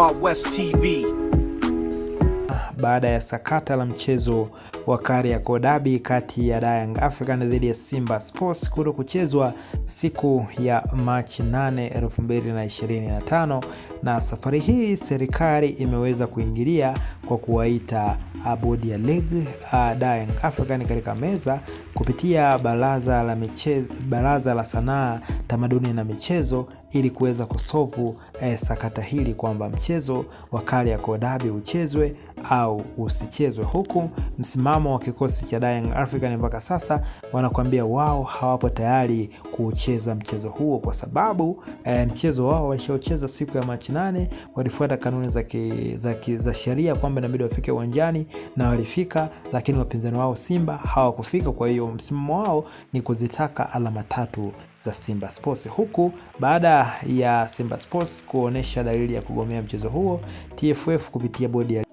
Wild West TV. Baada ya sakata la mchezo wa Kariakoo Derby kati ya Young Africans dhidi ya Simba Sports kuto kuchezwa siku ya Machi 8, 2025 na safari hii serikali imeweza kuingilia kwa kuwaita bodi ya ligi da Dying African katika meza kupitia baraza la michezo, baraza la sanaa, tamaduni na michezo ili kuweza kusopu eh, sakata hili kwamba mchezo wa ya kodabi uchezwe au usichezwe, huku msimamo wa kikosi cha Dying African mpaka sasa wanakuambia wao hawapo tayari kucheza mchezo huo kwa sababu eh, mchezo wao walishaocheza siku ya Machi nane, walifuata kanuni za, za, za sheria kwamba Simba inabidi wafike uwanjani na walifika, lakini wapinzani wao Simba hawakufika. Kwa hiyo msimamo wao ni kuzitaka alama tatu za Simba Sports, huku baada ya Simba Sports kuonyesha dalili ya kugomea mchezo huo TFF kupitia bodi ya